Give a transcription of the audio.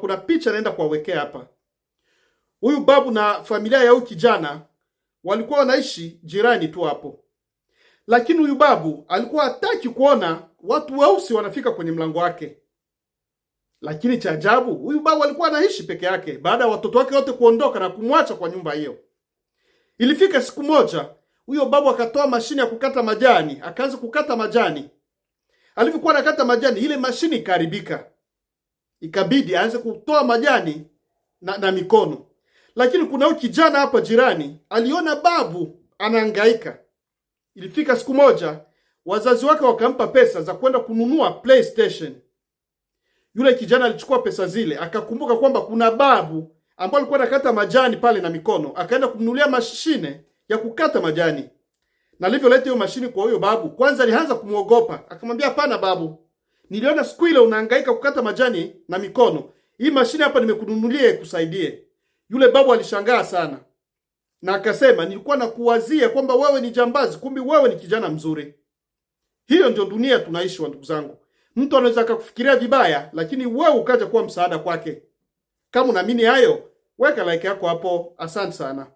Kuna picha naenda kuwawekea hapa. Huyu babu na familia ya huyu kijana walikuwa wanaishi jirani tu hapo, lakini huyu babu alikuwa hataki kuona watu weusi wanafika kwenye mlango wake. Lakini cha ajabu, huyu babu alikuwa anaishi peke yake baada ya watoto wake wote kuondoka na kumwacha kwa nyumba hiyo. Ilifika siku moja, huyo babu akatoa mashine ya kukata majani, akaanza kukata majani. Alivyokuwa anakata majani, ile mashine ikaharibika ikabidi aanze kutoa majani na, na mikono. Lakini kuna huyu kijana hapa jirani aliona babu anahangaika. Ilifika siku moja wazazi wake wakampa pesa za kwenda kununua PlayStation. Yule kijana alichukua pesa zile, akakumbuka kwamba kuna babu ambaye alikuwa anakata majani pale na mikono, akaenda kumnunulia mashine ya kukata majani. Na alivyoleta hiyo mashine kwa huyo babu, kwanza alianza kumwogopa, akamwambia hapana babu, Niliona siku ile unahangaika kukata majani na mikono. Hii mashine hapa nimekununulia ikusaidie. Yule babu alishangaa sana na akasema, nilikuwa nakuwazia kwamba wewe ni jambazi, kumbe wewe ni kijana mzuri. Hiyo ndio dunia tunaishi, wa ndugu zangu. Mtu anaweza akakufikiria vibaya, lakini wewe ukaja kuwa msaada kwake. Kama unaamini hayo, weka like yako hapo. Asante sana.